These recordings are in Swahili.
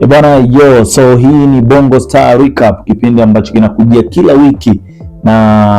E bwana yo, so hii ni Bongo Star Recap, kipindi ambacho kinakujia kila wiki, na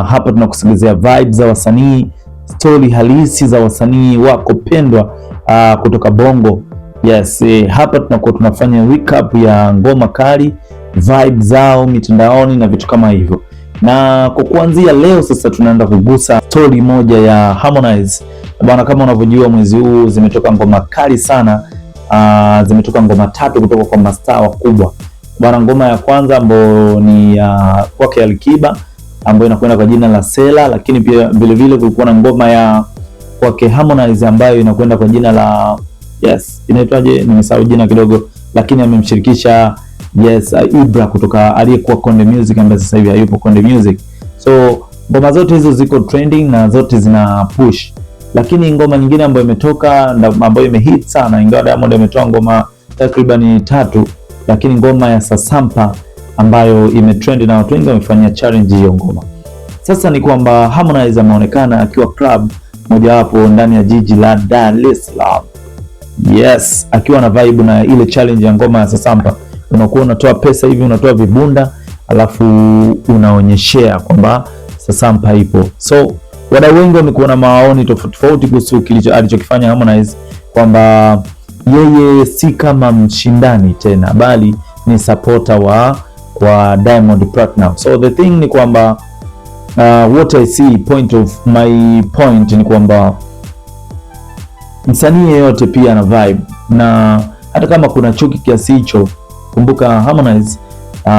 hapa tunakusogezea vibes za wasanii, stori halisi za wasanii wako pendwa uh, kutoka Bongo. Yes, eh, hapa tunakuwa tunafanya recap ya ngoma kali, vibe zao mitandaoni na vitu kama hivyo. Na kwa kuanzia leo sasa tunaenda kugusa stori moja ya Harmonize. Bwana, kama unavyojua mwezi huu zimetoka ngoma kali sana uh, zimetoka ngoma tatu kutoka kwa mastaa wakubwa bwana. Ngoma ya kwanza ambayo ni uh, kwake Alikiba ambayo inakwenda kwa jina la Sela, lakini pia vilevile kulikuwa na ngoma ya kwake Harmonize ambayo inakwenda kwa jina la yes, inaitwaje? Nimesahau jina kidogo, lakini amemshirikisha yes, Ibra kutoka aliyekuwa Konde Music ambaye sasa hivi hayupo Konde Music. So ngoma zote hizo ziko trending na zote zina push lakini ngoma nyingine ambayo imetoka ambayo imehit sana, ingawa Diamond ametoa ngoma takriban tatu, lakini ngoma ya Sasampa ambayo imetrend na watu wengi wamefanyia challenge hiyo ngoma. Sasa ni kwamba Harmonize ameonekana akiwa club mojawapo ndani ya jiji la Dar es Salaam. Yes, akiwa na vibe na ile challenge ya ngoma ya Sasampa. Unakuwa unatoa pesa hivi, unatoa vibunda alafu unaonyeshea kwamba Sasampa ipo. So Wadau wengi wamekuwa na maoni tofauti tofauti kuhusu kilicho alichokifanya Harmonize kwamba yeye si kama mshindani tena, bali ni supporter wa kwa Diamond Platinum. So the thing ni kwamba uh, what I see point of my point ni kwamba msanii yeyote pia ana vibe, na hata kama kuna chuki kiasi hicho, kumbuka Harmonize uh,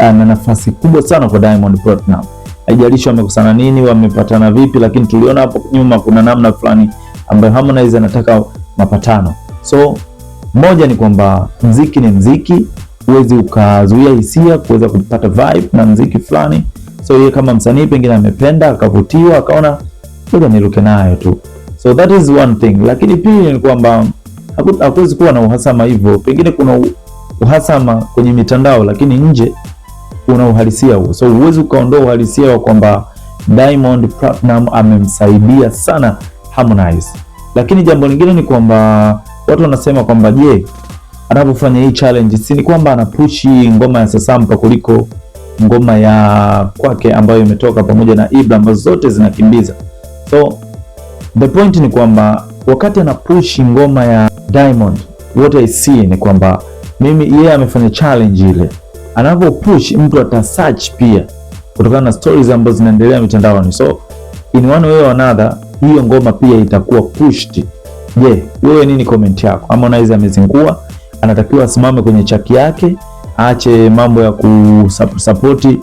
ana nafasi kubwa sana kwa Diamond Platinum haijalishi wamekusana nini, wamepatana vipi, lakini tuliona hapo nyuma kuna namna fulani ambayo Harmonize anataka mapatano. So moja ni kwamba mziki ni mziki, huwezi ukazuia hisia kuweza kupata vibe na mziki fulani. So yeye kama msanii pengine amependa akavutiwa, akaona ngoja niruke nayo tu, so that is one thing. Lakini pili ni kwamba hakuwezi kuwa na uhasama hivyo, pengine kuna uhasama kwenye mitandao, lakini nje una uhalisia huo. So huwezi ukaondoa uhalisia wa kwamba Diamond Platinum amemsaidia sana Harmonize. Lakini jambo lingine ni kwamba watu wanasema kwamba je, anapofanya hii challenge si ni kwamba anapushi ngoma ya Sasampa kuliko ngoma ya kwake ambayo imetoka pamoja na Ibra ambazo zote zinakimbiza. So the point ni kwamba wakati anapushi ngoma ya Diamond, what I see ni kwamba mimi yeye yeah, amefanya challenge ile push mtu ata search pia kutokana na stories ambazo zinaendelea mitandaoni. So in one way or another, hiyo ngoma pia itakuwa pushed. Je, yeah, wewe nini comment yako? Harmonize amezingua, anatakiwa asimame kwenye chaki yake, aache mambo ya kusapoti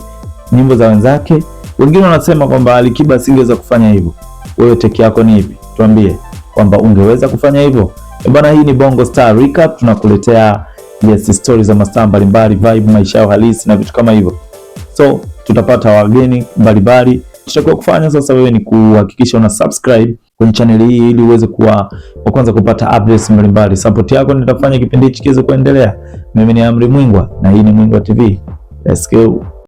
nyimbo za wenzake. Wengine wanasema kwamba Alikiba asingeweza kufanya hivyo. Wewe teki yako ni ipi? Tuambie kwamba ungeweza kufanya hivyo. Eh Bwana, hii ni Bongo Star Recap tunakuletea yes, stori za mastaa mbalimbali, vibe, maisha yao halisi na vitu kama hivyo. So tutapata wageni mbalimbali. Tutakuwa kufanya sasa wewe ni kuhakikisha una subscribe kwenye channel hii ili uweze kuwa wa kwanza kupata updates mbalimbali. Support yako nitafanya kipindi hiki kiweze kuendelea. Mimi ni Amri Mwingwa na hii ni Mwingwa TV. Let's go.